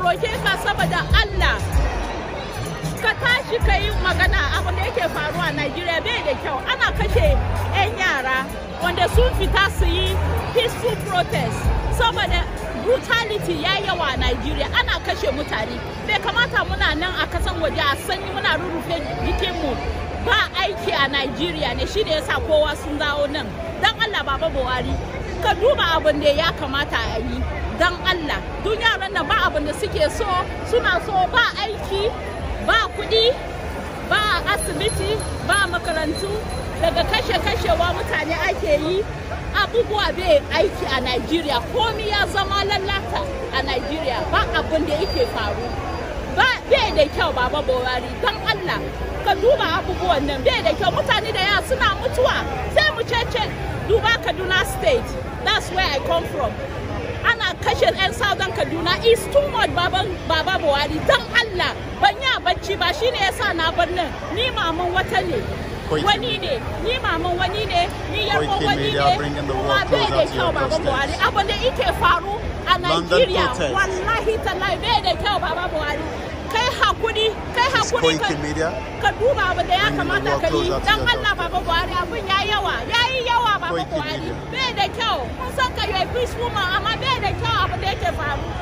roke ka saboda Allah ka tashi ka yi magana abu da yake faruwa a Najeriya bai da kyau ana kashe 'yan yara wanda sun fita su yi peaceful protest saboda brutality ya yawa a Najeriya ana kashe mutane bai kamata muna nan a kasan waje a sanyi muna rurrufe mu ba aiki a Najeriya ne shi da yasa kowa sun dawo nan dan Allah baba Buhari ka duba abin da ya kamata a yi don Allah duk yaran da ba abin da suke so suna so ba aiki ba kuɗi ba asibiti ba makarantu daga kashe-kashewa mutane ake yi abubuwa bai aiki a Najeriya komi ya zama lalata a Najeriya ba abin da yake faru ba bai da kyau baba Buhari don Allah ka duba abubuwan nan bai da kyau mutane duba kaduna state that's where i come from ana kashe 'yan southern kaduna is too much baba baba buhari dan allah ban yi bacci ba shine yasa na bar nan ni maman wata ne wani ne ni maman wani ne ni yarwan wani ne kuma bai da kyau baba buhari abu da ike faru a nigeria wallahi talai bai da kyau baba buhari kai hakuri kai hakuri ka duba abu da ya kamata ka yi dan allah baba buhari abin ya yawa akwai kiri bai da kyau kun san ka yi peace woman amma bai da kyau abu da yake faru